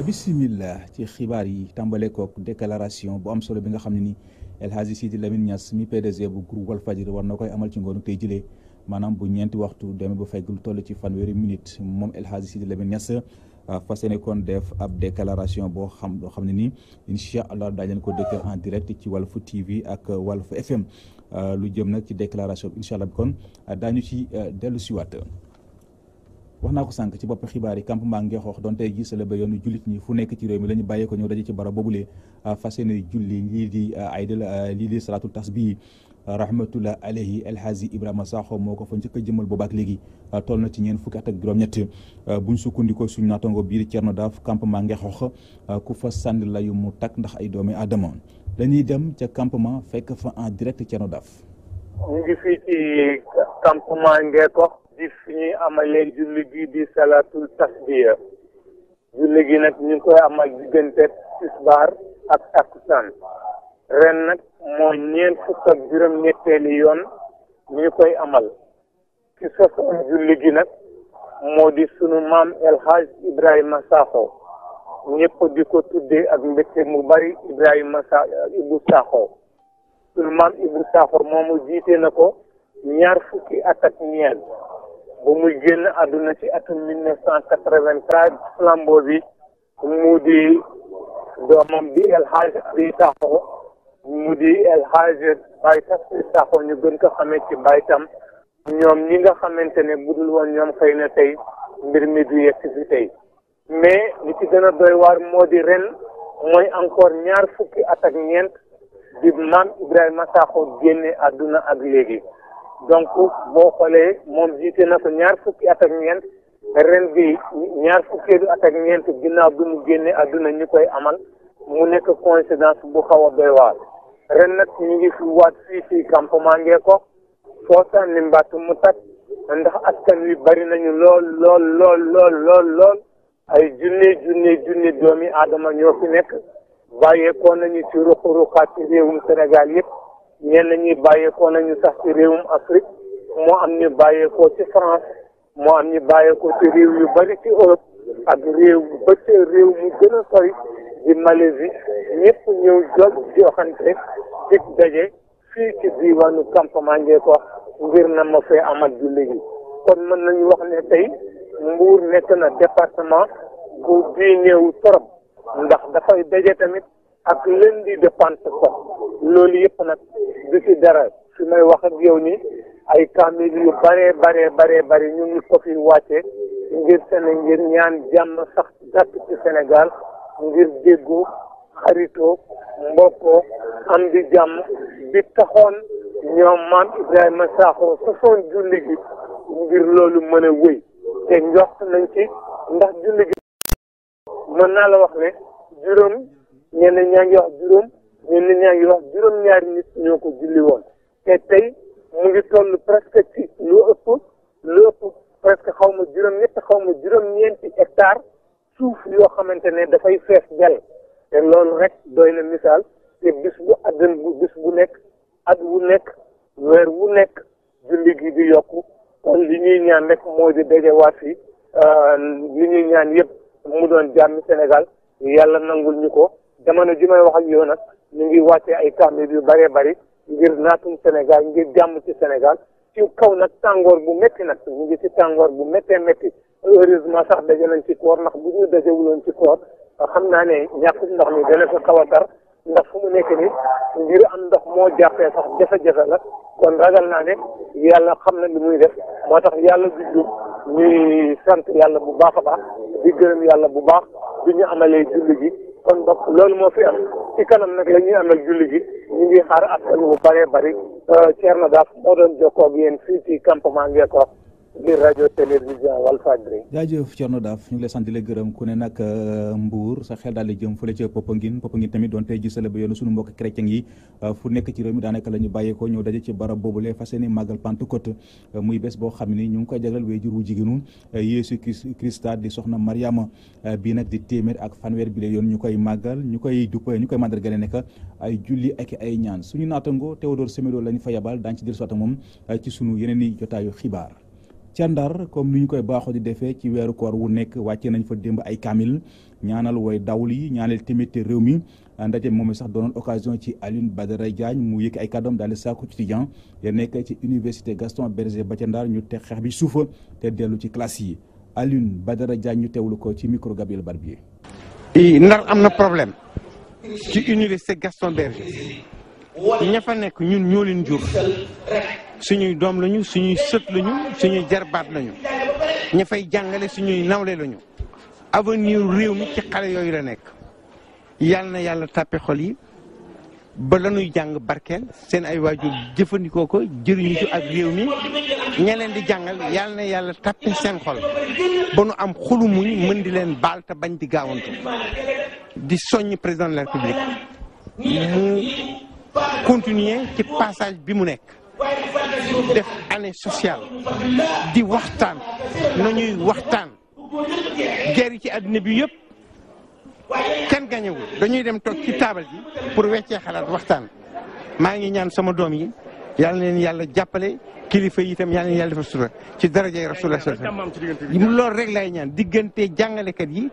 bisimilah ci xibaar yi tàmbale kook déclaration boo am solo bi nga xam ne ni El Hadji Sidi Lamine Niass mi PDG bu groupe fajir war na koy amal ci ngoonu koy jëlee maanaam bu ñeenti waxtu demee ba fekk lu toll ci fan fanweeri minute moom El Hadji Sidi Lamine Niass ah, fas kon def ab déclaration boo xam loo xam ne nii incha allah daañu leen ko dëkkal en direct ci Walf TV ak fu FM ah, lu jëm nag ci déclaration bi incha allah kon ah, daañu ci dellu siwaat wax naa ko sànq ci bopp xibaar yi campement Ngexoox doon jullit ñi fu nekk ci réew mi la ñu bàyyee ko ñëw daje ci barab boobulee fas yéene julli lii di aydal lii di salaatul tasbih rahmatullah alayhi alhaji ibrahima sakho moo ko fa njëkk a jëmal boobaak léegi toll na ci ñeen fukki at juróom-ñett buñ sukkandikoo suñu naatango biir Cerno Daaf campement Ngexoox ku fa sànni la yu mu takk ndax ay doomi aadama dañuy dem ca campement fekk fa en direct Cerno Daaf ñu ngi fii ci fi ñuy amalee julli gi di salaatul tasbiya julli gi nag ñu koy amal diggante tisbaar ak takkusaan ren nag moo ñeent fukk ak juróom-ñetteeli yoon ñu koy amal ci sosoon julli gi nag moo di sunu maam El Hadj Ibrahima Sakho ñëpp di ko tuddee ak mbégte mu bari Ibrahima Sa Ibou Sakho sunu maam Ibou Sakho moomu jiite na ko ñaar fukki at ak bu muy génn àdduna ci atum mille neuf cent quatre-vingt-trois flambeau bi mu di doomam bi El Hadj Abi Sakho mu di El Hadj Baye Sakho ñu gën ko xamee ci Baye Tam ñoom ñi nga xamante ne budul woon ñoom xëy na tey mbir mi du yegg fi tey mais li ci gën waar moo di ren mooy encore ñaar fukki at ak ñeent di maam Ibrahima Sakho génne àdduna ak léegi donc boo xoolee moom jiite na ko ñaar fukki at ak ñeent ren bi ñaar fukkeelu at ak ñeent ginnaaw bi mu génnee àdduna ñu koy amal mu nekk coïncidence bu xaw a doy ren nag ñu ngi fi waat fii ci campement ko foo sànni mbàtt mu tàkk ndax askan wi bari nañu lool lool lool lool lool lool ay junne junne junne doomi aadama ñoo fi nekk bàyyeekoo nañu ci ruq-ruqaat ci réewum Sénégal yëpp. ñenn ñi bàyyeekoo nañu sax ci réewum Afrique moo am ñu bàyyeekoo ci France moo am ñu bàyyeekoo ci réew yu bari ci Europe ak réew ba ca réew mu gën a sori di Malaisie ñëpp ñëw jog joxante dig daje fii ci diiwaanu campement Ngeekoox ngir na ma fee amat julli gi kon mën nañu wax ne tey Mbour nekk na département bu ñëw torop ndax dafay daje tamit ak lundi de Pentecôte loolu yëpp nag du ci dara su may wax ak yow ni ay kaamil yu bare bare bare bare ñu ngi ko fi wàcce ngir seen ngir ñaan jàmm sax dàq ci Sénégal ngir déggoo xaritoo mbokkoo am di jàmm bi taxoon ñoom maam Ibrahima Sakho sosoon julli gi ngir loolu mën a wéy te njox nañ ci ndax julli gi mën naa la wax ne juróom ñenn ñaa ngi wax juróom ñenn ñaa ngi wax juróom-ñaari nit ñoo ko julli woon te tey mu ngi toll presque ci lu ëpp lu ëpp presque xaw ma juróom-ñett xaw ma juróom-ñeenti hectare suuf yoo xamante ne dafay fees dell te loolu rek doy na misaal te bis bu àddan bu bis bu nekk at wu nekk weer bu nekk julli gi di yokku kon li ñuy ñaan rek moo di dajewaat fi euh, li ñuy ñaan yëpp mu doon jàmmi Sénégal yàlla nangul ñu ko jamono ji may wax ak yow nag ñu ngi wàccee ay kaamil yu bëree bëri ngir naatum Sénégal ngir jàmm ci Sénégal ci kaw nag tàngoor bu métti nag mu ngi ci tàngoor bu méttee métti heureusement sax daje nañ ci koor ndax bu ñu dajewuloon ci koor xam naa ne ñàkkum ndox mi dana ko xaw a tar ndax fu mu nekk ni ngir am ndox moo jàppee sax jafe-jafe la kon ragal naa ne yàlla xam na li muy def moo tax yàlla juddu ñuy sant yàlla bu baax a baax di gërëm yàlla bu baax du ñu amalee julli gi kon donc loolu moo fi am ci kanam nag la ñuy amal julli yi ñu ngi xaar askan bu bëree bëri euh, Thierno Daaf moo doon jokkoo ak yéen fii ci campement Ngeekoox biir rajo télévision Walfadjri. jaajëf Thierno Daaf ñu ngi lay sant di la gërëm ku ne nag euh, Mbour sa xel daal di jëm fële ca Popenguine Popenguine tamit doon tey ba yoonu suñu mbokk chrétien yi euh, fu nekk ci réew daanaka la ñu bàyyeekoo ñëw daje ci barab boobule fas yéene màggal Pentecôte euh, muy bés boo xam ni ñu ngi koy jagleel waajur wu jigéenu Yeesu Christa di soxna Mariama bii nag di téeméer ak fanweer bi la yoon ñu koy màggal ñu koy dupp ñu koy màndargale nekk ay julli ak ay ñaan suñu naatango Théodore Semedo lañ fa yabal daañu ci dir soota moom ci suñu yeneen i jotaayu xibaar ca Ndar comme ni ñu koy baaxoo di defee ci weeru koor wu nekk wàcce nañ fa démb ay kaamil ñaanal way dawul yi ñaanal tamit réew mi ndaje moom sax doonoon occasion ci Alioune Badara Diagne mu yëkki ay kàddoom daal di sàkku étudiant nekk ci université Gaston Berger ba ca Ndar ñu teg xeex bi suufa te dellu ci classe yi Alioune Badara Diagne ñu teewlu ko ci micro Gabriel Barbier. Ndar am na problème ci université Gaston Berger ña fa nekk ñun ñoo suñuy doom lañu suñuy sët lañu suñuy jarbaat lañu ña fay jàngale suñuy nawle lañu avenir réew mi ci xale yooyu la nekk yàlla na yàlla tàppe yi ba lañuy jàng barkeel seen ay waajur jëfandikoo ko jëriñu ci ak réew mi ña di jàngal yàlla na yàlla tàppe seen xol ba nu am xolu muñ mën di leen baal te bañ di gaawantu di soññ président de la république mu continuer ci passage bi mu nekk def année sociale di waxtaan nañuy waxtaan guerre yi ci àddina bi yëpp kenn gañewul dañuy dem toog ci taabal ji pour weccee xalaat waxtaan maa ngi ñaan sama doom yi yàlla leen yàlla jàppale kilifa yi itam yàlla leen yàlla defal sutura ci darajay rasulullah lool rek lay ñaan diggante jàngalekat yi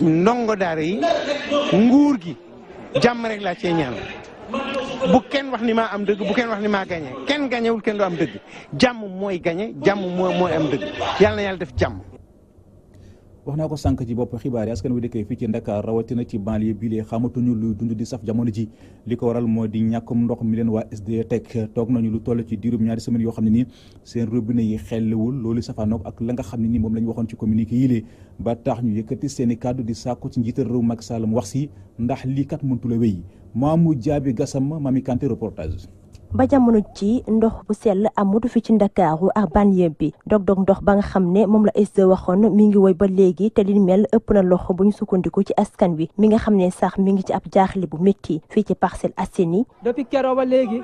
ndongo daara yi nguur gi jàmm rek laa cee ñaan bu kenn wax ni maa am dëgg bu kenn wax ni maa gagné kenn gagnéwul kenn du am dëgg jàmm mooy gagné jàmm mooy mooy am dëgg yàlla na yàlla def jàmm. wax naa ko sànq ci bopp xibaar yi askan wi dëkkee fii ci Ndakaar rawatina ci banlieue bilee xamatuñu luy dund di saf jamono ji li ko waral moo di ñàkkum ndox mi leen waa SDE tek toog nañu lu toll ci diirub ñaari semaines yoo xam ne nii seen robinet yi xellewul loolu safaanoog ak la nga xam ne nii moom la waxoon ci communiqué yi lee ba tax ñu yëkkati seen i kàddu di sàkku ci njiital réew Macky Sall mu wax si ndax lii kat mëntu la wéy Mamou Diaby Gassama Mami Kanté reportage. ba jamono ci ndox bu sell amut fi ci ndakaaru ak banlieue bi dog-dog ndox ba nga xam ne moom la SDE waxoon mi ngi woy ba léegi te li mel ëpp na loxo bu ñu sukkandiku ci askan wi mi nga xam ne sax mi ngi ci ab jaaxle bu métti fii ci Parcelles Assainies. depuis keroog ba léegi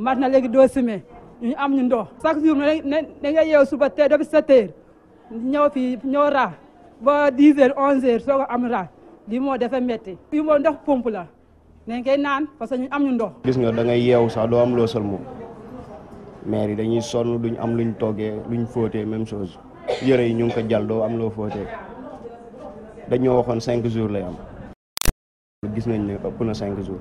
mat na léegi doo semaine ñu am ñu ndox chaque jour ne ne nga yeew suba te depuis sept heures ñëw fii ba dix heures onze heures lii moo dafa métti. lii ndox pompe la. ne ngay naan parce que ñu am ñu ndox. gis nga da ngay yeewu sax doo am loo sol moom mais yi dañuy sonn duñ am luñ toggee luñ fóotee même chose yëre yi ñu ngi ko jàll doo am loo fóotee dañoo waxoon cinq jours lay am. gis nañ ne ëpp na cinq jours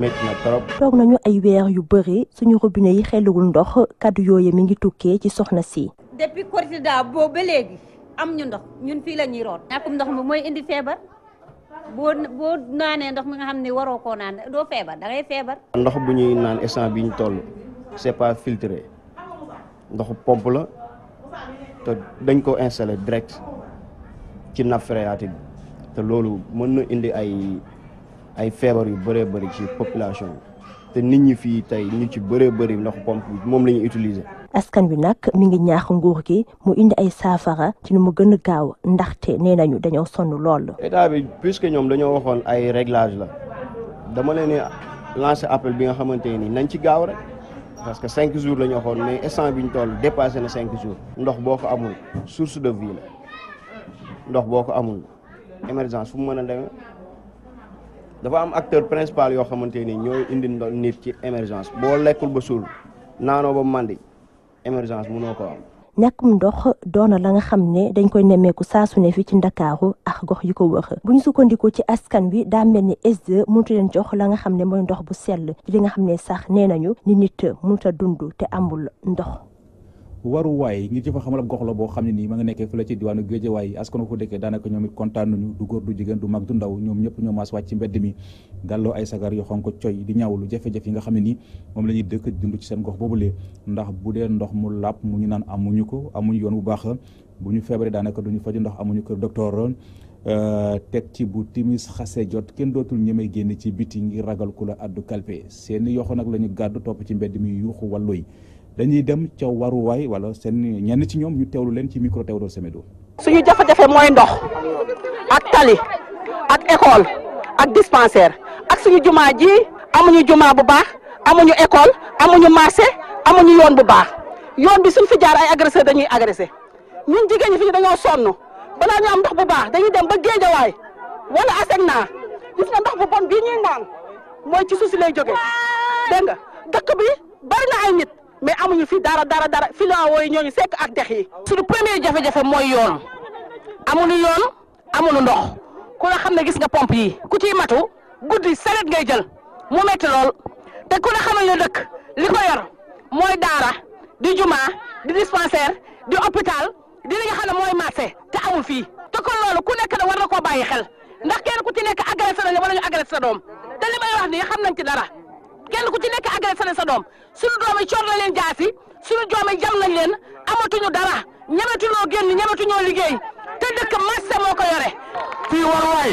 métti na trop. toog nañu ay weer yu bëri suñu robinet yi xelluwul ndox kàddu yooyu mi ngi tukkee ci soxna si. depuis Korité boobu léegi am ñu ndox ñun fii la ñuy root. ñàkkum ndox mi mooy indi feebar. boo naanee ndox mi nga xam ne waroo koo naan doo feebar da feebar. ndox bu ñuy naan instant bi ñu toll c'est pas filtré ndoxu pompe la te dañ ko installer direct ci nappe phréatique bi te loolu mën na indi ay ay feebar yu bëree bëri ci population bi te nit ñi fii tey ñu ci bëree bëri ndoxu pompe moom la utiliser. askan wi nag mi ngi ñaax nguur gi mu indi ay saafara ci nu mu gën a gaaw ndaxte nee nañu dañoo sonn lool. état bi puisque ñoom dañoo waxoon ay réglage la dama leen di lancer appel bi nga xamante ni nañ ci gaaw rek. parce que cinq jours la ñu waxoon mais instant bi ñu toll dépassé na cinq jours ndox boo ko amul source de vie ndox boo ko amul émergence fu mu mën a demee dafa am acteur principal yoo xamante ni ñooy indi ndox nit ci émergence boo lekkul ba suul naanoo ba màndi émergence mënoo ko am. ñàkkum ndox doona la nga xam ne dañ koy nemmeeku saasu ne fii ci ndakaaru ak gox yi ko wër bu ñu sukkandikoo ci askan wi daa mel ni SDE mënutu leen jox la nga xam ne mooy ndox bu sell li nga xam ne sax nee nañu ni nit mënut a dund te amul ndox. waruwaay ngir ci fa xamal gox la boo xam ne nii ma nga nekkee fële ci diwaanu Géejawaay askan wa fa dëkkee daanaka ñoom it kontaan nañu du góor du jigéen du mag du ndaw ñoom ñëpp ñoo maas wàcc ci mbedd mi gàlloo ay sagar yoo xonk coy di ñaawlu jafe-jafe yi nga xam ne nii moom la dëkk dund ci seen gox lee ndax bu dee ndox mu làpp mu ñu naan amuñu ko amuñu yoon bu baax bu ñu feebaree daanaka duñu faju ndox amuñu kër docteur euh, teg ci bu timis xase jot kenn dootul ñemee génn ci biti ngir ragal ku la addu kalpe seeni yoxo nag la ñu gàddu topp ci mbedd mi yuuxu wàllu yi dañuy dem ca waruwaay wala seen ñenn ci ñoom ñu teewlu leen ci micro Théodore Semedo. suñu jafe-jafe mooy ndox ak tali ak école ak dispensaire ak suñu jumaa ji amuñu jumaa bu baax amuñu école amuñu marché amuñu yoon bu baax yoon bi suñ fi ay agressé dañuy agressé ñun jigéen ñi fi dañoo sonn balaa ñu am ndox bu baax dañuy dem ba géejawaay wala Asegna gis nga ndox bu bon bii ñuy naan mooy ci suuf lay jógee dëkk bi bari ay nit. mais amuñu fi dara dara dara filao yi ñooñu sekk ak dex yi. suñu premier jafe-jafe mooy yoon amuñu yoon amuñu ndox ku la xam ne gis nga pompe yi ku ciy matu guddi saret ngay jël mu metti lool te ku la xamal ne dëkk li ko yor mooy daara di jumaa di dispensaire di hôpital di li xam ne mooy marché te amul fii te kon loolu ku nekk na war na koo bàyyi xel ndax kenn ku ci nekk agressé nañu wala ñu agressé doom te li may wax nii xam nañ ci dara. kenn ku ci nekk agressé na sa doom suñu doom yi coor la leen jaasi suñu doom yi jam lañ leen amatuñu dara ñemetuñoo génn ñemetuñoo liggéey te dëkk marché moo ko yore. fii waruwaay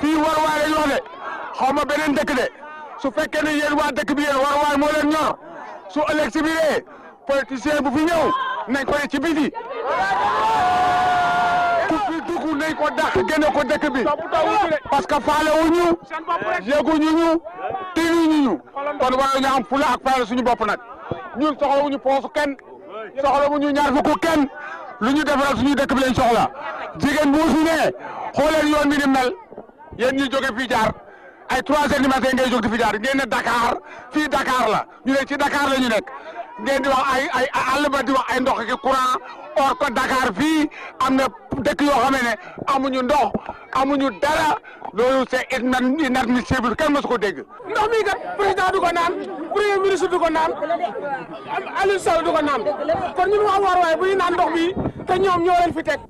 fii waruwaay lañ wax de beneen dëkk de su fekkee ne yéen waa dëkk bi yéen waruwaay moo leen ñor su ëllëg si biiree politicien bu fi ñëw nañ ko ci biti. nañ ko dax génne ko dëkk bi parce que faale wu ñu yëguñu ñu tinuñu ñu kon waaye ñu am fula ak faale suñu bopp nag ñun soxlawuñu poosu kenn soxlawuñu ñaar fukk kenn lu ñu defaral suñu dëkk bi leen soxla jigéen bu fi ne xooleen yoon bi ni mel yéen ñuy jóge fii jaar ay trois heures ni matin ngay jóg di fi jaar ngeen ne Dakar fii Dakar la ñu ne ci Dakar la ñu nekk ngeen di wax ay ay àll di wax ay ndox ki courant or ko Dakar fii am na dëkk yoo xam ne amuñu ndox amuñu dara loolu c'est inadmissible kenn mësu ko dégg. ndox mi kat président du ko naan premier ministre du ko naan Aliou Sow du naan kon ñun waa Waruwaay bu ñu naan ndox bi te ñoom ñoo fi teg.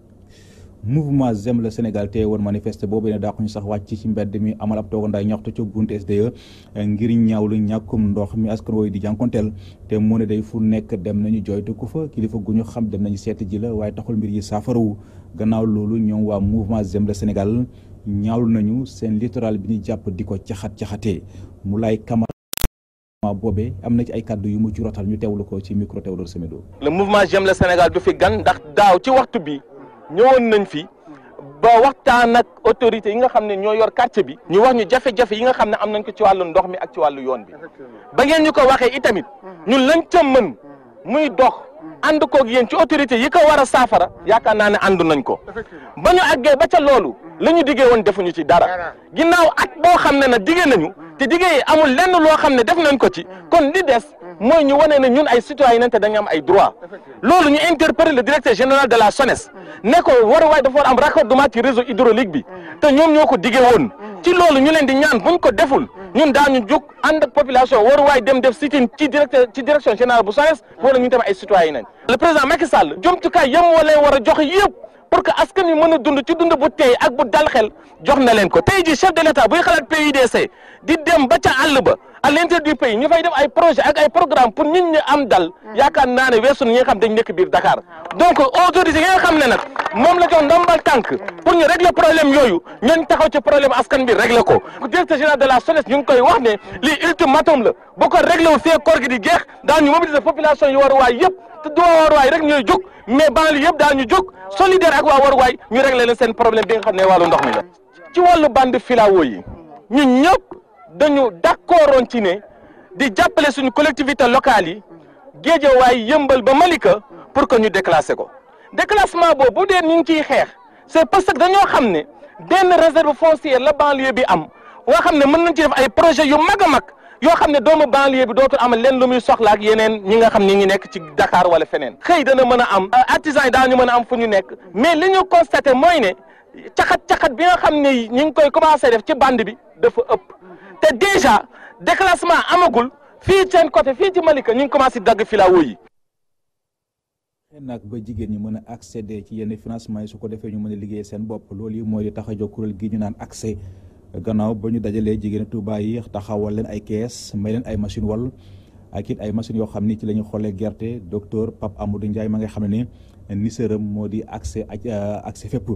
mouvement Zem le Sénégal tey woon manifeste boobu ne daaxuñu sax wàcc ci mbedd mi amal ab toogandaay ñaxtu ca buntu SDE ngir ñaawlu ñàkkum ndox mi askan wooyu di jànkonteel te mu ne day fu nekk dem nañu jooytu ko fa kilifa gu ñu xam dem nañu seet ji la waaye taxul mbir yi saafarawu gannaaw loolu ñoom waa mouvement Zem le Sénégal ñaawlu nañu seen littoral bi ñu jàpp di ko caxat-caxatee mu lay kamara boobe am na ci ay kàddu yu mu ci ñu teewlu ko ci micro Théodore Semedo ñëwoon nañ fi ba waxtaan ak autorités yi nga xam ne ñoo yor quartier bi ñu wax ñu jafe-jafe yi nga xam ne am nañ ko ci wàllu ndox mi ak ci wàllu yoon bi ba ngeen ñu ko waxee itamit mm-hmm. ñun lañ ca mën muy dox mm-hmm. ànd koog yéen ci autorités yi ko war a saafara mm-hmm. yaakaar naa ne ànd nañ ko ba ñu àggee ba ca loolu la ñu diggee woon defuñu ci dara ginnaaw ak boo xam ne na diggee nañu te diggee yi amul lenn loo xam ne def nañ ko ci kon li des mooy ñu wane ne ñun ay citoyen nañ te dañu am ay droit loolu ñu interpeller le directeur général de la SONES mm. ne ko war waay dafa war am raccordement ci réseau hydraulique bi mm. te ñoom ñoo ko dige woon mm. ci loolu ñu leen di ñaan buñ ko deful ñun daañu jóg ànd ak population war waay dem def sit ci directeur ci direction générale bu SONES wala ñu tamit ay citoyen nañ le président Macky Sall jomtukaay yem wala war a joxe yëpp pour que askan wi mën a dund ci dund bu te ak bu dal xel jox na leen ko tey ji chef de l' état buy xalaat PUDC di dem ba ca àll ba à l'intérieur du pays ñu fay def ay projet ak ay programme pour nit ñi am dal yaakaar naa ne weesu ñi nga xam dañ nekk biir Dakar donc autorité yi nga xam ne nag moom la jox ndombal tànk pour ñu régler problème yooyu ñooñ taxaw ci problème askan bi régler ko directeur général de la SONES ñu ngi koy wax ne lii ultimatum la bu ko régler wu fee koor gi di geex daañu mobiliser population yi war waay yëpp te du waa war waay rek ñooy jóg mais banlieue yëpp daañu jóg solidaire ak waa war waay ñu régler leen seen problème bi nga xam ne wàllu ndox mi la ci wàllu bande filao yi ñun dañu d'accordoon ci ne di jàppale suñu collectivité locale yi géejawaay yëmbal ba Malika pour que ñu déclassé ko déclassement boobu bu dee ñu ngi ciy xeex c'est parce que dañoo xam ne benn réserve foncière la banlieue bi am woo xam ne mën nañ ci def ay projet yu mag a mag yoo xam ne doomu banlieue bi dootul amal leen lu muy soxla ak yeneen ñi nga xam ne ñi nekk ci dakaar wala feneen xëy dana mën a am euh, artisans yi daañu mën a am fu ñu nekk mais li ñu constaté mooy ne caxat-caxat bi nga xam ne ñi ngi koy commencé def ci bande bi dafa ëpp te déjà déclassement amagul fii seen côté fii ci Malika ñu ngi commencé dagg filao yi. xëy nag ba jigéen ñi mën a accéder ci yenn financement yi ko defee ñu mën a liggéey seen bopp loolu mooy di tax a jóg kuréel gi ñu naan accès gannaaw ba ñu dajalee jigéen Touba yi taxawal leen ay kees may leen ay machine wal ak it ay machine yoo xam ni ci lañuy ñu xoolee gerte docteur Pape Amadou Ndiaye ma nga xam ne ni nisëram moo di accès ak euh, accès fépp.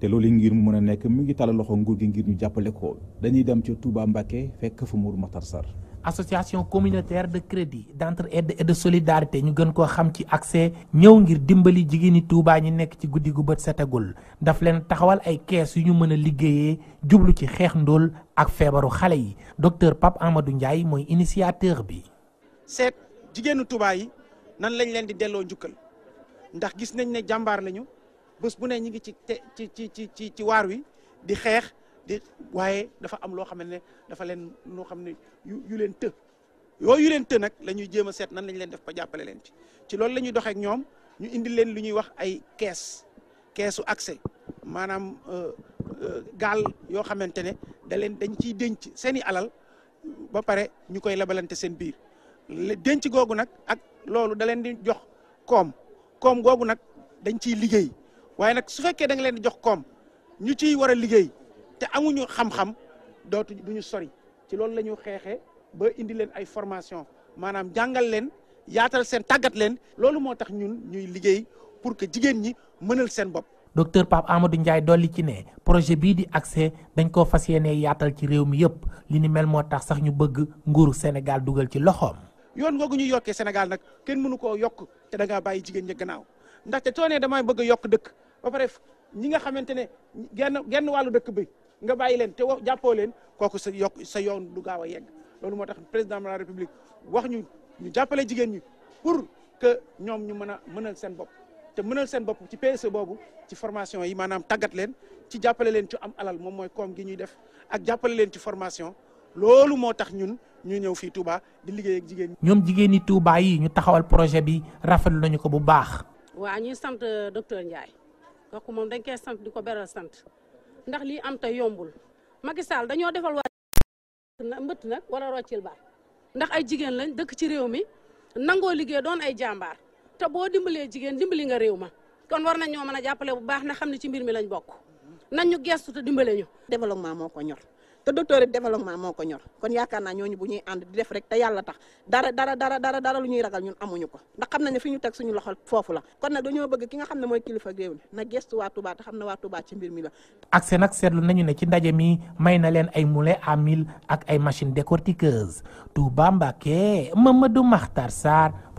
te loolu ngir mu mën a nekk mu ngi tàllal loxo nguur gi ngir ñu jàppale ko dañuy dem ca Touba Mbacké fekk fa Mour Matar Sarr association communautaire de crédit d'entraide et de solidarité ñu gën koo xam ci accès ñëw ngir dimbali jigéeni Touba ñi nekk ci guddi gu bët setagul daf leen taxawal ay kees yu ñu mën a liggéeyee jublu ci xeex ndóol ak feebaru xale yi docteur Pape Amadou Ndiaye mooy initiateur bi. seet jigéenu Touba yi nan lañ leen di delloo njukkal ndax gis nañ ne jàmbaar lañu. bës bu ne ñi ngi ci ci ci ci ci ci waar wi di xeex di waaye dafa am loo xam ne dafa leen loo xam ne yu leen të yooyu leen të nag la ñuy jéem a seet nan lañ leen def ba jàppale leen ci ci loolu la doxeek ñoom ñu indi leen lu ñuy wax ay kees keesu accès maanaam euh, euh, gaal yoo xamante ne da leen dañ ciy denc seen i alal ba pare ñu koy labalante seen biir denc googu nag ak loolu da leen di jox koom koom googu nag dañ ciy liggéey waaye nag su fekkee da leen di jox koom ñu ciy war a liggéey te amuñu xam-xam dootu duñu sori ci loolu la ñu xeexee ba indi leen ay formation maanaam jàngal leen yaatal seen tàggat leen loolu moo tax ñun ñuy liggéey pour que jigéen ñi mënal seen bopp. docteur Pape Amadou Ndiaye dolli ci ne projet bii di accès dañ koo fas yéene yaatal ci réew mi yëpp li ni mel moo tax sax ñu bëgg nguuru Sénégal dugal ci loxoom. yoon googu ñu yokkee Sénégal nag kenn mënu koo yokk te da ngaa bàyyi jigéen ñi gannaaw ndaxte too nee damay bëgg a yokk dëkk ba pare ñi nga xamante ne genn genn wàllu dëkk bi nga bàyyi leen te wax jàppoo leen kooku sa yokk sa yoon du gaaw a yegg loolu moo tax président de la république wax ñu ñu jàppale jigéen ñi pour que ñoom ñu mën a mënal seen bopp te mënal seen bopp ci PSE boobu ci formation yi maanaam tàggat leen ci jàppale leen ci am alal moom mooy koom gi ñuy def ak jàppale leen ci formation loolu moo tax ñun ñu ñëw fii Touba di liggéey ak jigéen ñi. ñoom jigéen ñi Touba yi ñu taxawal projet bi rafetlu nañu ko bu baax. waa ñuy sant euh, docteur Ndiaye. kooku moom dañ koy sant di ko beral sant ndax lii am te yombul Macky Sall dañoo defal waa mbëtt nag wala roccil baat ndax ay jigéen lañ dëkk ci réew mi nangoo liggéey doon ay jàmbaar te boo dimbalee jigéen dimbali nga réew ma kon war nañ ñoo mën a jàppale bu baax na xam ne ci mbir mi lañ bokk nañ ñu gestu te dimbalee ñu développement moo ko ñor te docteur it développement moo ko ñor kon yaakaar naa ñooñu bu ñuy ànd di def rek te yàlla tax dara dara dara dara dara lu ñuy ragal ñun amuñu ko ndax xam nañ ne fi ñu teg suñu loxo foofu la kon nag dañoo bëgg ki nga xam ne mooy kilifa réew mi na gestu waa Touba te xam ne waa Touba ci mbir mi la. accès nag seetlu nañu ne ci ndaje mi may na leen ay moulin à ak ay machine décortiqueuse Touba Mbacké Mamadou Makhtar Sarr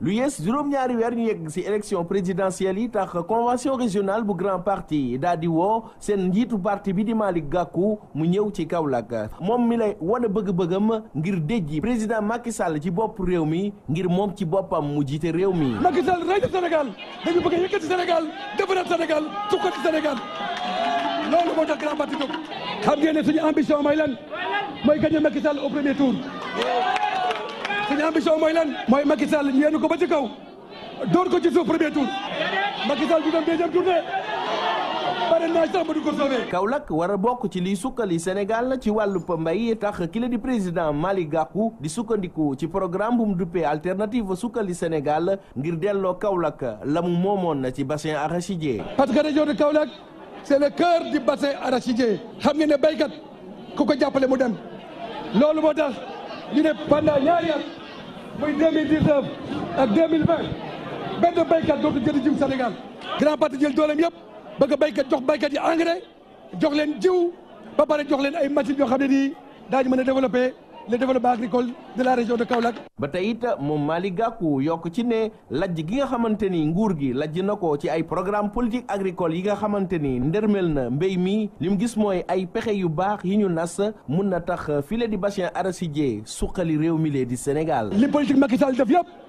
lu yees juróom-ñaari weer ñu yegg ci élection présidentielle yi tax convention régionale bu grand parti daal di woo seen njiitu parti bi di Malick gàkku mu ñëw ci Kaolack moom mi lay wane bëgg-bëggam ngir déjji président Macky Sall ci bopp réew mi ngir moom ci boppam mu jiite réew mi. Macky Sall na Sénégal dañu bëgg a yëkkati Sénégal defaraat Sénégal sukkati Sénégal loolu moo tax grand parti jóg xam mooy lan mooy gagné Macky Sall au premier tour. suñu ambition mooy lan mooy Macky Sall ñu yéen ko ba ci kaw door ko ci suuf premier tour Macky Sall du dem deuxième tour de parrainage sax du ko sauvé. Kaolack war bokk ci liy sukkali Sénégal ci wàllu mbay tax ki la di président mali Gakou di sukkandiku ci programme bu mu duppee alternative sukkali Sénégal ngir delloo Kaolack la mu moomoon ci bassin arachidier. parce que région de Kaolack c' est le cœur du bassin arachidier xam ngeen ne baykat ku ko jàppale mu dem loolu moo muy 2019 ak 2020 benn béykat dootu jënd jiw Sénégal grand parti jël dooleem yëpp bëgg béykat jox béykat yi engrais jox leen jiw ba pare jox leen ay machines yoo xam ne nii daañu mën a développé le développement agricole de la région de Kaolack. ba tey it moom Malick gàkku yokk ci ne lajj gi nga xamante ni nguur gi lajj na ko ci ay programme politique agricole yi nga xamante ni ndërmel na mbéy mi li mu gis mooy ay pexe yu baax yi ñu nas mun na tax file di bassin arachidier suqali réew mi lee di Sénégal. li politique Macky Sall def yëpp.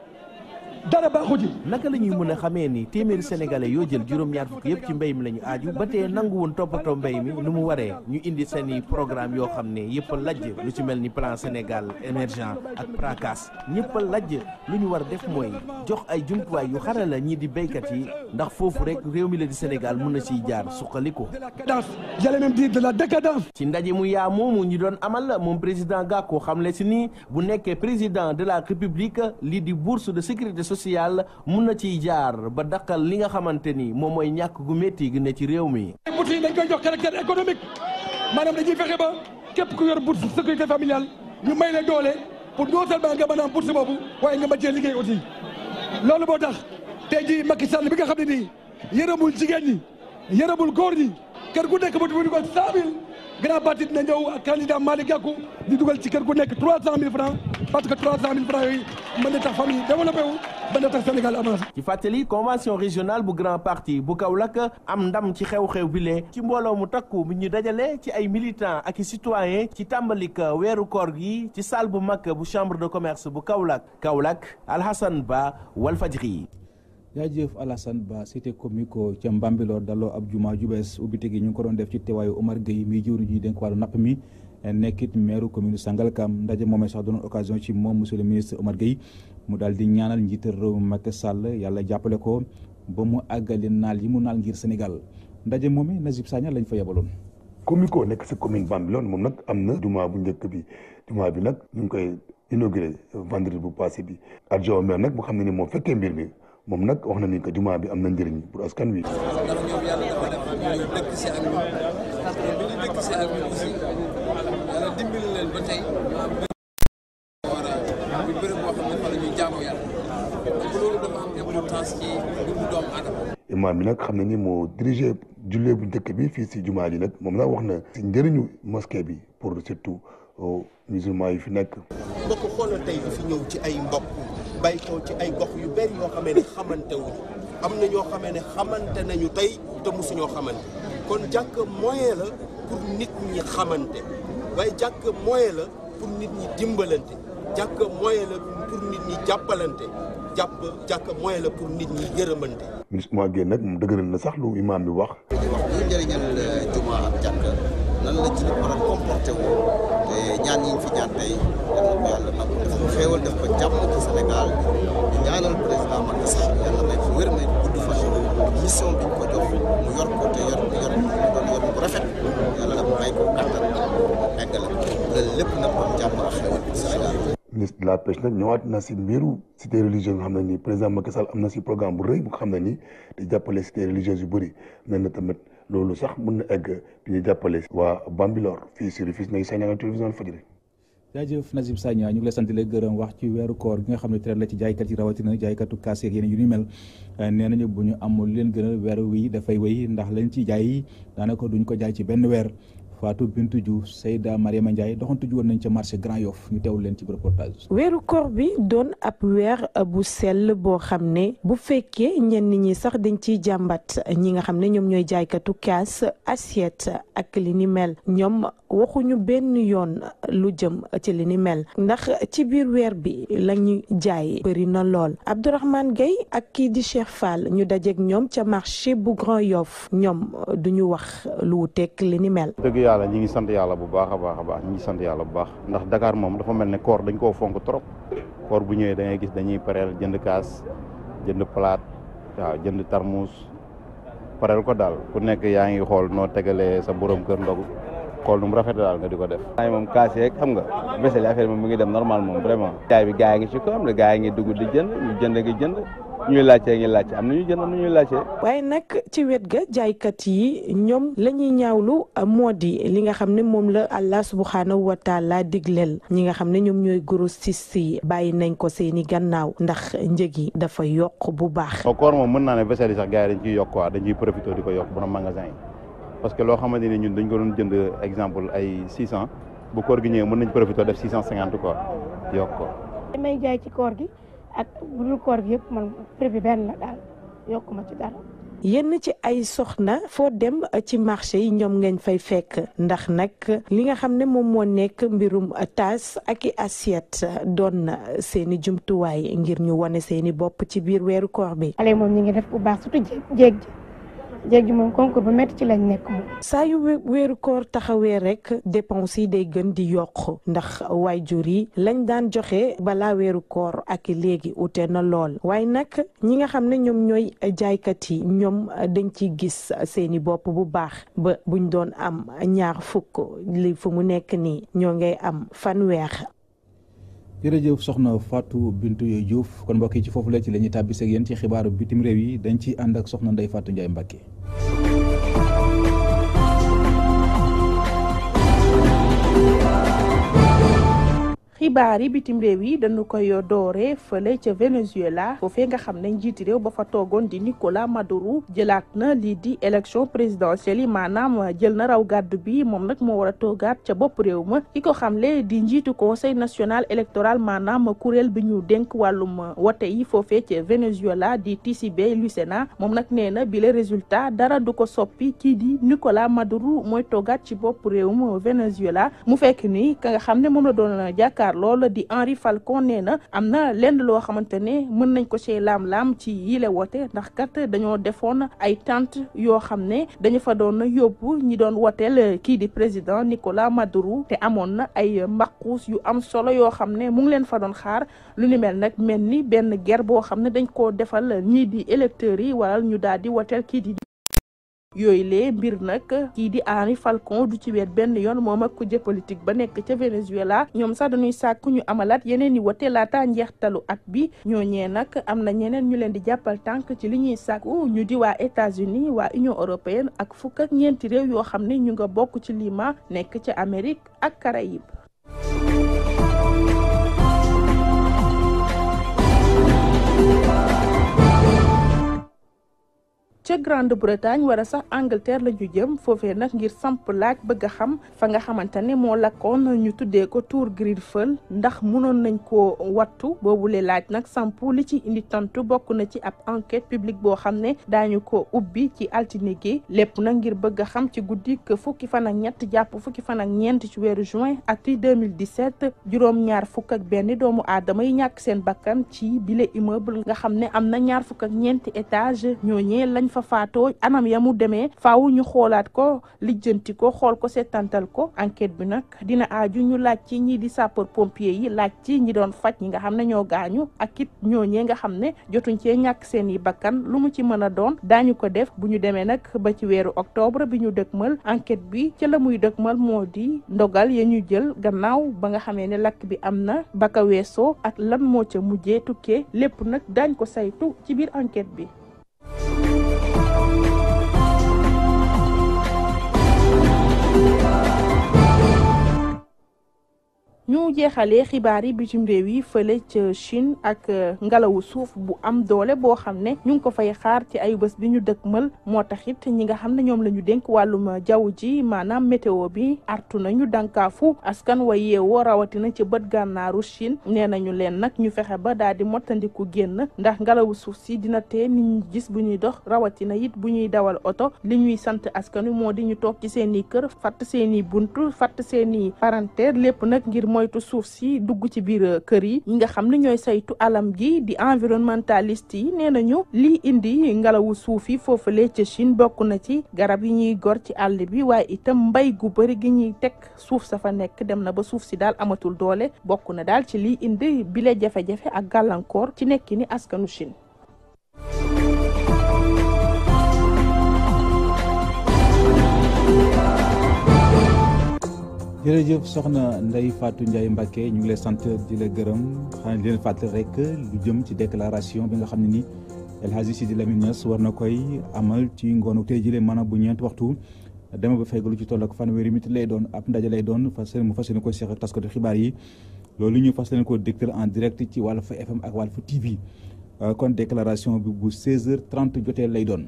dara baaxu naka la ñuy mën a xamee ni téeméeri sénégale yoo jël juróom-ñaar fukk yëpp ci mbéy mi la ñu aaju ba tey nanguwun toppatoo mbéy mi nu mu waree ñu indi seeni programme yoo xam ne yëpp a lajj lu ci mel ni plan Sénégal émergent ak PRACAS ñëpp a lajj lu ñu war def mooy jox ay jumtuwaay yu xarala ñii di béykat yi ndax foofu rek réew mi la di Sénégal mun na ciy jaar suqaliku j'allais même dire de la décadence ci ndaje mu yaa moomu ñu doon amal moom président Gakou xamle si ni bu nekkee président de la république lii di bourse de sécurité sociale social mun na ciy jaar ba daqal li nga xamante ni moom mooy ñàkk gu métti gi ne ci réew mi. bourse yi dañ koy jox caractère économique maanaam dañuy fexe ba képp ku yor bourse sécurité familiale ñu may la doole pour non seulement nga mën a am bourse boobu waaye nga mën cee liggéey aussi. loolu moo tax tey jii Macky bi nga xam ne nii yërëmul jigéen ñi yërëmul góor ñi kër gu nekk ba dugg ko 100000. grand parti dina ñëw ak candidat Malick Gakou di dugal ci kër gu nekk trois cent mille francs parce que trois cent mille francs yooyu mën na tax famille développé wu mën tax Sénégal avancé. ci fàttali convention régionale bu grand parti bu Kaolack am ndam ci xew-xew bile ci mbooloo mu takku bu ñu dajale ci ay militants ak i ci tàmbalik weeru koor gi ci salle bu mag bu chambre de commerce bu Kaolack Kaolack Alhassane Ba Walfadjri jaajëf Alassane Ba cité comico ca Mbambilor daloo ab juma ju bees ubbite gi ñu ngi ko doon def ci te Omar Gueye mi jiwru ji dénk wàllu napp mi nekkit maire commune Sangalkam ndaje moomee sax doon occasion ci moom monsieur le ministre Omar Gueye mu daal di ñaanal njiital réew Macky Sall yàlla jàppale ko ba mu àggali naal yi mu naal ngir Sénégal ndaje moomee Najib Sagna lañ fa yebaloon comico nekk si commune Bambilor moom nag am na juma bu njëkk bi juma bi nag ñu ngi koy inauguré vendredi bu passé bi adjoint maire nag bu xam ne ni moom fekkee mbir mi moom nag wax na ni ka jumaa bi am na njëriñ pour askan wi. ndax bi bu bëri boo nag xam na ni moo dirigé jullee bu njëkk bi fii si jumaa ji nag moom laa wax na si njëriñu mosquée bi pour surtout euh, musulman yi fi nekk. mbokk xoolal tey fi ñëw ci ay mbokk. bay ko ci ay gox yu bëri yoo xamee ne xamante am na ñoo xamee ne xamante nañu tey te mosuñoo xamante kon jàkk moyen la pour nit ñi xamante waaye jàkk moyen la pour nit ñi dimbalante jàkk moyen la pour nit ñi jàppalante jàpp jàkk moyen la pour nit ñi yërëmante bis maa nag moom dëgëral na sax lu imaam bi wax wax lu euh, jàkk lañ lépp nag moom jàmm ak xéewal ci Sénégal ministre de la pêche nag ñëwaat na si mbiru xam ne nii président Macky Sall am na si programme bu xam ne nii di jàppale yu bari mel na tamit loolu sax mun na egg bi jàppale waa Bambilor fii si Rufisque nañu seen télévision Walfadjri jaajëf Najib Sagna ñu ngi lay sant la gërëm wax ci weeru koor gi nga xam ne traite la ci jaaykat yi rawatina jaaykatu kaas yeeg yeneen yu ni mel eh, nee nañu bu ñu amul leen gënal weer wi dafay wéy ndax lañ ci jaay daanaka duñ ko jaay ci benn weer Fatou Bintou Diouf Seyda Mariama Ndiaye doxantu ju woon nañ ca marché Grand Yoff ñu teewul leen ci reportage. weeru koor bi doon ab weer bu sell boo xam ne bu fekkee ñenn ñi sax dañ ciy jàmbat ñi nga xam ne ñoom ñooy jaaykatu kaas assiette ak li ni mel ñoom waxuñu benn yoon lu jëm ci linimel ndax ci biir weer bi la ñu jaay bëri na lool Abdourahmane Gueye ak kii di Cheikh Fall ñu dajeek ñoom ca marché bu Grand Yoff ñoom du wax lu wuteeg li ni mel. dëgg yàlla ñi ngi sant yàlla bu baax a baax baax ñi ngi yàlla bu baax ndax Dakar moom dafa mel ne koor dañ koo fonk trop koor bu ñëwee da gis dañuy pareel jënd kaas jënd palaat waaw jënd tarmuus pareel ko daal ku nekk yaa ngi xool noo tegalee sa borom kër ndogu. xool nu rafet daal nga di ko def ay moom kaas yeeg xam nga vaisselle affaire moom mu ngi dem normal moom vraiment jaay bi gars yi ngi ci ko am ne gars yi ngi dugg di jënd ñu jënd ngi jënd ñuy am na ñuy laaj am na ñuy laajte ci wet ga jaaykat yi ñoom la ñuy ñaawlu moo di li nga xam ne moom la allah subhanahu wa taala digleel ñi nga xam ne ñoom ñooy grossiste yi bàyyi nañ ko seeni gannaaw ndax njëg yi dafa yokk bu baax koor moom mën naa ne vaisselle sax gars yi dañ ciy yokk waa dañ ciy ko yokk magasin yi parce que loo xamante ni ñun dañ ko doon jënd exemple ay 600 bu koor gi ñëwee mën nañ profité def 650 quoi yokk ko. li may ci koor gi ak bu yëpp man prix bi benn la daal yokku ma ci dara. yenn ci ay soxna foo dem ci marché yi ñoom ngeen fay fekk ndax nag li nga xam ne moom moo nekk mbirum taas ak i assiette doon na seen i jumtuwaay ngir ñu wane seen i bopp ci biir weeru koor bi. xale moom ñu ngi def bu baax surtout jéeg jéeg jéegi moom concours bu métti ci lañ nekk moom. saa yu wéeru koor taxawee rek dépense yi day gën di yokk ndax waajur yi lañ daan joxe bala weeru koor ak léegi ute na lool waaye nag ñi nga xam ne ñoom ñooy jaaykat yi ñoom dañ ci gis seeni bopp bu baax ba buñ doon am ñaar fukk li fu mu nekk nii ñoo ngay am fanweex jërëjëf soxna Fatou Bintou Diouf kon mbokk yi ci foofu la ci la ñuy tàbbisee ak yéen ci xibaaru bitim réew yi dañ ci ànd ak soxna Ndeye Fatou Ndiaye Mbacke xibaar yi bitim réew yi dañu koy doore fële ca Venezuela foofee nga xam ne njiiti réew ba fa toogoon di Nicolas Maduro jëlaat na lii di élection présidentielle yi maanaam jël na raw gàddu bi moom nag moo war a toogaat ca bopp réew ma ki ko xam le di njiitu conseil national électoral maanaam kuréel bi ñu denk wàllum wote yi foofee ca Venezuela di Tisibe Lucena moom nag nee na bile résultat dara du ko soppi kii di Nicolas Maduro mooy toogaat bopp réew mu Venezuela mu fekk yaakaar lool di Henri Falcon nee na am na lenn loo xamante ne mën nañ ko see laam-laam ci yile woote ndax kat dañoo defoon ay tent yoo xam ne dañu fa doon yóbbu ñi doon woteel kii di président Nicolas Maduro te amoon na ay mbaquus yu am solo yoo xam ne mu ngi leen fa doon xaar lu ni mel nag mel ni benn guerre boo xam ne dañ koo defal ñii di électeurs yi waral ñu daal di woteel kii di yooyu lee mbir nag kii di Henri Falcon du ci wet benn yoon moom ak kuje politique ba nekk ca Venezuela ñoom sax dañuy sàkku ñu amalaat yeneen i wote laata njeextalu at bi ñooñe nag am na ñeneen ñu leen di jàppal tànk ci liñuy ñuy ñu di waa États-Unis waa Union européenne ak fukk ñeenti réew yoo xam ne ñu nga bokk ci Lima nekk ca Amérique ak Caraïbes ca Grande-Bretagne wara sax Angleterre la ñu jëm foofee nag ngir samp laaj bëgg xam fa nga xamante ne moo lakkoon ñu tuddee ko Tour Grenfell ndax mënoon nañ koo wattu boobu boobule laaj nag samp li ci indi tontu bokk na ci ab enquête publique boo xam ne daañu ko ubbi ci altine gi lépp nag ngir bëgg a xam ci guddi fukki fan ak ñett jàpp fukki fan ak ñeent ci weeru juin at 2017 juróom ñaar fukk ak benn doomu aadama yi ñàkk seen bakkan ci bile immeuble nga xam ne am na ñaar fukk ak ñeenti étage faatoo anam ya mu demee faaw ñu xoolaat ko lijjanti ko xool ko seetantal ko enquête bi nag dina aaju ñu laaj ci ñi di sapeur pompier yi laaj ci ñi doon faj ñi nga xam ne ñoo gaañu ak it ñooñee nga xam ne jotuñ cee ñàkk seen i bakkan lu mu ci mën a doon daañu ko def bu ñu demee nag ba ci weeru octobre bi ñu dëgmal enquête bi ca la muy dëgmal moo di ndogal ya ñu jël gannaaw ba nga xamee ne lakk bi am na ba ka weesoo ak lan moo ca mujjee tukkee lépp nag daañ ko saytu ci biir enquête bi ñu jeexalee xibaar yi bitim réew yi fële ca Chine ak euh, ngelawu suuf bu am doole boo xam ne ñu ngi ko fay xaar ci ay bés bi ñu dëkkmal moo tax it ñi nga xam ne ñoom la ñu dénk wàllum jaww ji maanaam météo bi artu nañu dànkaafu askan wa yeewoo rawatina ci bët gànnaaru Chine nee nañu leen nag ñu fexe ba daal di mottandiku génn ndax ngelawu suuf si dina te nit ñi gis bu ñuy dox rawatina it bu ñuy dawal oto li ñuy sant askan wi moo di ñu toog ci seen i kër fatt seen i buntu fatt seen lépp nag ngir moytu suuf si dugg ci biir euh, kër yi ñi nga xam ni ñooy saytu alam gi di environnementaliste yi nee nañu lii indi ngelawu suuf yi foofalee ca Chine bokk na ci garab yi ñuy gor ci àll bi waaye itam mbay gu bëri gi ñuy teg suuf sa fa nekk dem na ba suuf si daal amatul doole bokk na daal ci lii indi bile jafe-jafe ak gàllankoor ci nekki ni askanu Chine jërëjëf soxna Ndeye Fatou Ndiaye Mbacké ñu ngi lay sant di la gërëm xanaa di leen fàttali rek lu jëm ci déclaration bi nga xam ne ni El Hadji Sidi Lamine Niass war na koy amal ci ngoonu tey jëlee maanaam bu ñeent waxtu dama ba fegg lu ci toll ak fanweeri minute lay doon ab ndaje lay doon fas mu fas yéene ko seq ak taskatu xibaar yi loolu ñu fas leen ko dégtal en direct ci Walf FM ak Walf TV euh, kon déclaration bi bu 16h30 jotee lay doon.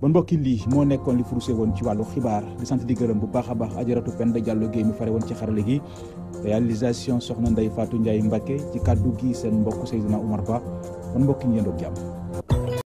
ba mbokki lii moo nekkoon li furusé woon ci wàllu xibaar di sant di gërëm bu baax a baax ajaratu Penda Diallo Guèye mi fare woon ci xarale gi réalisation soxna Ndeye faatu Ndiaye Mbacke ci kàddu gi seen mbokk Seydina Oumar Ba man mbokki ñeendoog jàmm